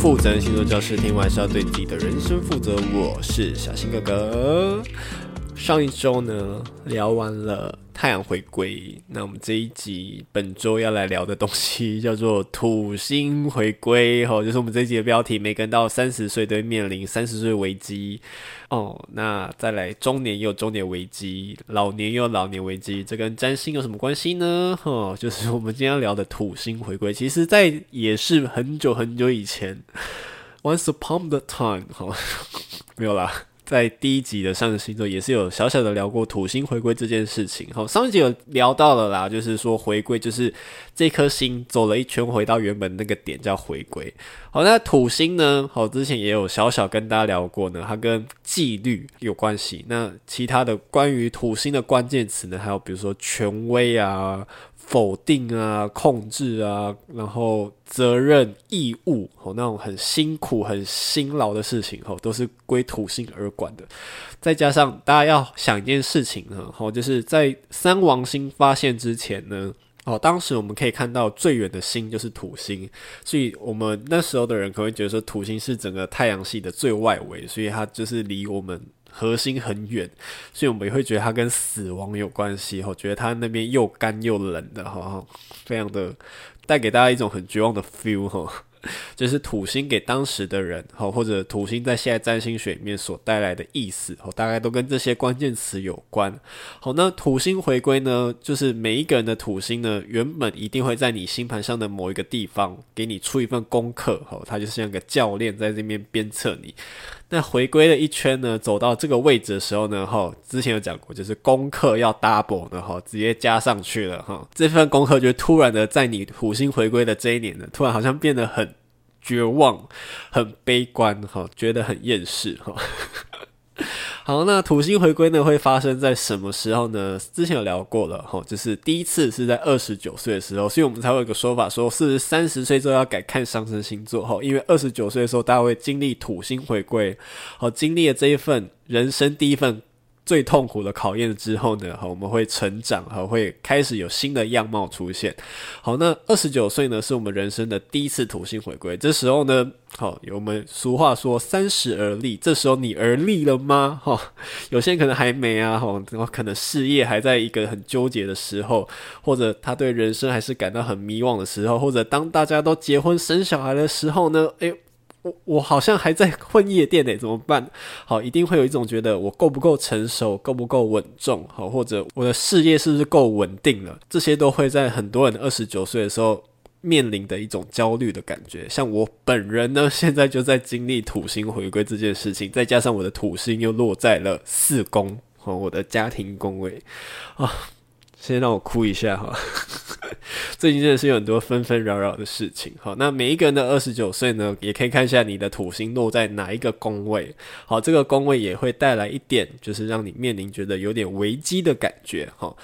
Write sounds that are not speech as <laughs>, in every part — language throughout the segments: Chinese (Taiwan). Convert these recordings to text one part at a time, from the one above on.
負責任星座教室，聽完是要對自己的人生負責。我是小新哥哥。上一週呢，聊完了太陽回歸，那我們這一集本周要來聊的東西叫做土星回歸，吼，就是我們這一集的標題。每個人到三十歲都會面臨三十歲危機，哦，那再來中年又中年危機，老年又老年危機，這跟占星有什麼關係呢？吼，就是我們今天要聊的土星回歸。其實，在也是很久很久以前，Once upon the time，哈，沒有啦。在第一集的上個星座也是有小小的聊過土星回歸這件事情。好，上一集有聊到了啦，就是說回歸就是這顆星走了一圈回到原本那個點叫回歸。好，那土星呢？好，之前也有小小跟大家聊過呢，它跟紀律有關係。那其他的關於土星的關鍵詞呢，還有比如說權威啊。否定啊，控制啊，然後責任、義務，吼那種很辛苦、很辛勞的事情，吼都是歸土星而管的。再加上大家要想一件事情呢，吼就是在三王星發現之前呢，哦，當時我們可以看到最遠的星就是土星，所以我們那時候的人可能覺得說土星是整個太陽系的最外圍，所以它就是離我們。核心很遠，所以我們也會覺得它跟死亡有關係。吼，覺得它那邊又乾又冷的，吼，吼，非常的帶給大家一種很絕望的 feel，吼。就是土星給當時的人，哈，或者土星在現在占星學裡面所帶來的意思，哈，大概都跟這些關鍵詞有關。好，那土星回歸呢，就是每一個人的土星呢，原本一定會在你星盤上的某一個地方給你出一份功課，哈，它就是像個教練在這邊鞭策你。那回歸了一圈呢，走到這個位置的時候呢，哈，之前有講過，就是功課要 double 呢，哈，直接加上去了，哈，這份功課就突然的在你土星回歸的這一年呢，突然好像變得很。絕望，很悲觀哈，覺得很厭世哈。好， <laughs> 好，那土星回歸呢，會發生在什麼時候呢？之前有聊過了哈，就是第一次是在二十九歲的時候，所以我們才會有個說法，說是三十歲之後要改看上升星座哈，因為二十九歲的時候，大家會經歷土星回歸，好經歷了這一份人生第一份。最痛苦的考驗之後呢，我們會成長，還會開始有新的樣貌出現。好，那二十九歲呢，是我們人生的第一次土星回歸。這時候呢，好、哦，有我們俗話說三十而立，這時候你而立了嗎？哈、哦，有些人可能還沒啊，哈、哦，可能事業還在一個很糾結的時候，或者他對人生還是感到很迷惘的時候，或者當大家都結婚生小孩的時候呢，哎我我好像還在混夜店呢，怎麼辦？好，一定會有一種覺得我夠不夠成熟，夠不夠穩重，好，或者我的事業是不是夠穩定了？這些都會在很多人二十九歲的時候面臨的一種焦慮的感覺。像我本人呢，現在就在經歷土星回歸這件事情，再加上我的土星又落在了四宮和我的家庭宮位，啊。先讓我哭一下哈，最近真的是有很多紛紛擾擾的事情。哈，那每一個人的二十九歲呢，也可以看一下你的土星落在哪一個宮位。好，這個宮位也會帶來一點，就是讓你面臨覺得有點危機的感覺。哈，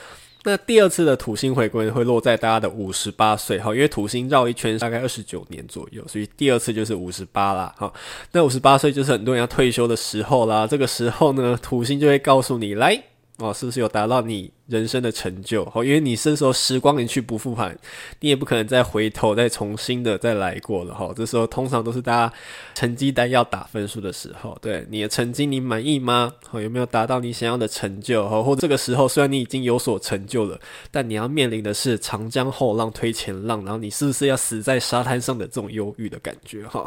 那第二次的土星回歸會落在大家的五十八歲。哈，因為土星繞一圈大概二十九年左右，所以第二次就是五十八啦。哈，那五十八歲就是很多人要退休的時候啦。這個時候呢，土星就會告訴你，來，哦，是不是有達到你？人生的成就，吼，因為你這時候時光一去不復返，你也不可能再回頭再重新的再來過了，哈，這時候通常都是大家成績單要打分數的時候，對，你的成績你滿意嗎？好，有沒有達到你想要的成就？好，或者這個時候雖然你已經有所成就了，但你要面臨的是長江後浪推前浪，然後你是不是要死在沙灘上的這種憂鬱的感覺？哈，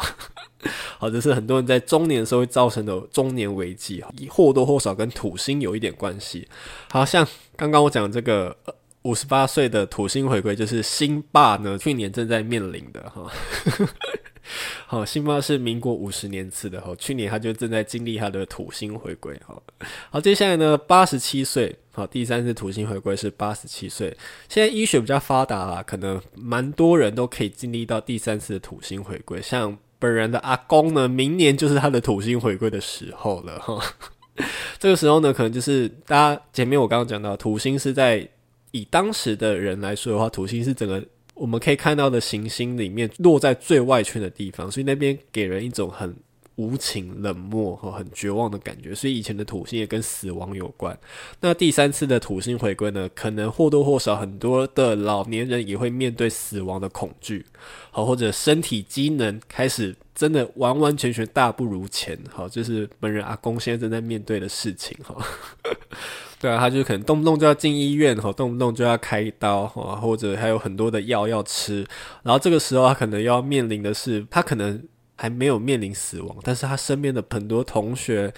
好， <laughs> 這是很多人在中年的時候會造成的中年危機，以或多或少跟土星有一點關係，好像剛。剛剛我講這個五十八歲的土星回歸，就是星爸呢，去年正在面臨的哈。好，星爸是民國五十年次的哈，去年他就正在經歷他的土星回歸哈。好，好，接下來呢，八十七歲，好，第三次土星回歸是八十七歲。現在醫學比較發達啊，可能蠻多人都可以經歷到第三次的土星回歸。像本人的阿公呢，明年就是他的土星回歸的時候了哈。 <laughs> 這個時候呢，可能就是大家前面我剛剛講到，土星是在以當時的人來說的話，土星是整個我們可以看到的行星裡面落在最外圈的地方，所以那邊給人一種很無情、冷漠，和很絕望的感覺，所以以前的土星也跟死亡有關。那第三次的土星回歸呢，可能或多或少很多的老年人也會面對死亡的恐懼，好，或者身體機能開始真的完完全全大不如前，好，就是本人阿公現在正在面對的事情哈。對啊，他就可能動不動就要進醫院哈，動不動就要開刀哈，或者還有很多的藥要吃，然後這個時候他可能要面臨的是他可能。還沒有面臨死亡，但是他身邊的很多同學、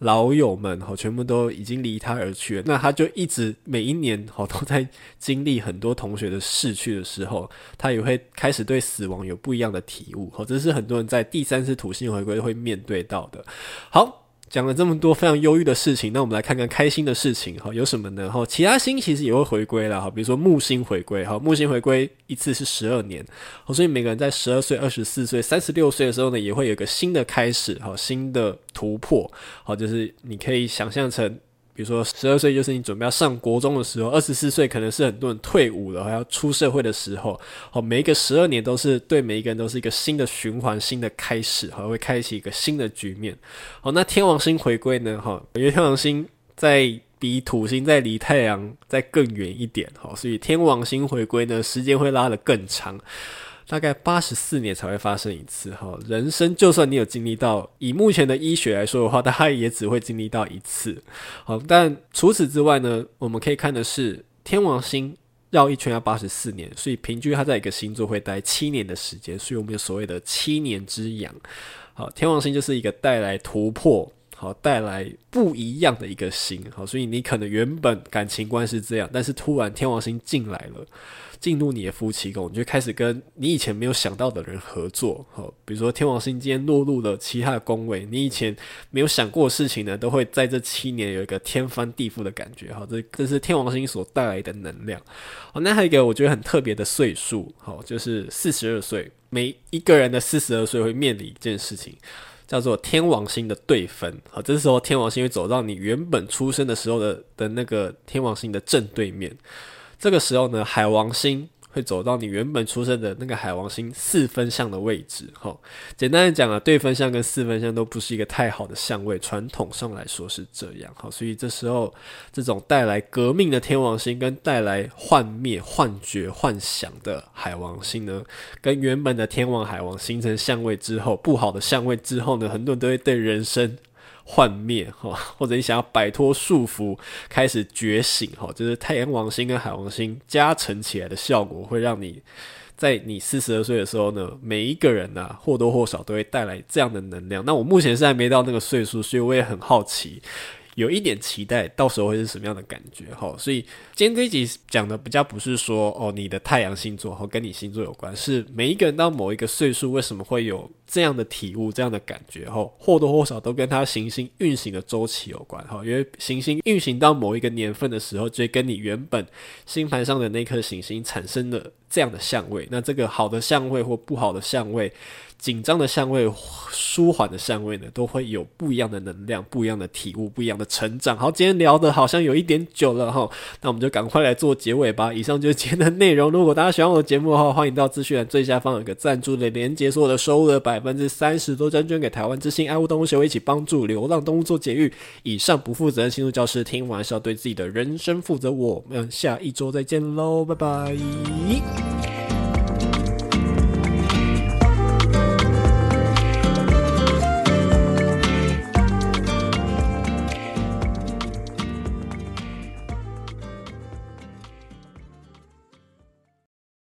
老友們哈，全部都已經離他而去了。那他就一直每一年哈都在經歷很多同學的逝去的時候，他也會開始對死亡有不一樣的體悟。哈，這是很多人在第三次土星回歸會面對到的。好。講了這麼多非常憂鬱的事情，那我們來看看開心的事情哈，有什麼呢？哈，其他星其實也會回歸了哈，比如說木星回歸哈，木星回歸一次是十二年，好，所以每個人在十二歲、二十四歲、三十六歲的時候呢，也會有一個新的開始哈，新的突破，好，就是你可以想象成。比如說，十二歲就是你準備要上國中的時候，二十四歲可能是很多人退伍了還要出社會的時候。好，每一個十二年都是對每一個人都是一個新的循環、新的開始，哈，會開啟一個新的局面。好，那天王星回歸呢，哈，因為天王星在比土星在離太陽再更遠一點，哈，所以天王星回歸呢，時間會拉得更長。大概八十四年才會發生一次哈，人生就算你有經歷到，以目前的醫學來說的話，大概也只會經歷到一次。好，但除此之外呢，我們可以看的是天王星繞一圈要八十四年，所以平均它在一個星座會待七年的時間，所以我們有所謂的七年之癢，好，天王星就是一個帶來突破，好，帶來不一樣的一個心。好，所以你可能原本感情觀是這樣，但是突然天王星進來了，進入你的夫妻宮，你就開始跟你以前沒有想到的人合作，好，比如說天王星今天落入了其他的宮位，你以前沒有想過的事情呢，都會在這七年有一個天翻地覆的感覺，好，這這是天王星所帶來的能量，好，那還有一個我覺得很特別的歲數，好，就是四十二歲，每一個人的四十二歲會面臨一件事情。叫做天王星的對分啊，這時候天王星會走到你原本出生的時候的的那個天王星的正對面。這個時候呢，海王星。會走到你原本出生的那個海王星四分相的位置，齁。簡單的講啊，對分相跟四分相都不是一個太好的相位，傳統上來說是這樣，哈，所以這時候，這種帶來革命的天王星跟帶來幻滅、幻覺、幻想的海王星呢，跟原本的天王、海王形成相位之後，不好的相位之後呢，很多人都會對人生。幻滅哈，或者你想要擺脫束縛，開始覺醒哈，就是天王星跟海王星加成起來的效果，會讓你在你四十二歲的時候呢，每一個人呢、啊、或多或少都會帶來這樣的能量。那我目前是還沒到那個歲數，所以我也很好奇。有一點期待，到時候會是什麼樣的感覺？哈，所以今天這一集講的比較不是說哦，你的太陽星座和跟你星座有關，是每一個人到某一個歲數，為什麼會有這樣的體悟、這樣的感覺？哈，或多或少都跟他行星運行的週期有關。哈，因為行星運行到某一個年份的時候，就會跟你原本星盤上的那顆行星產生了這樣的相位。那這個好的相位或不好的相位。緊張的相位、舒緩的相位呢，都會有不一樣的能量，不一樣的體悟，不一樣的成長。好，今天聊的好像有一點久了哈，那我們就趕快來做結尾吧。以上就是今天的內容。如果大家喜歡我的節目的話，歡迎到資訊欄最下方有個贊助的連接，所有的收入的百分之三十都將捐給台灣之心愛護動物協會，一起幫助流浪動物做節育。以上不負責任，請入教室，聽完是要對自己的人生負責我。我們下一周再見嘍，拜拜。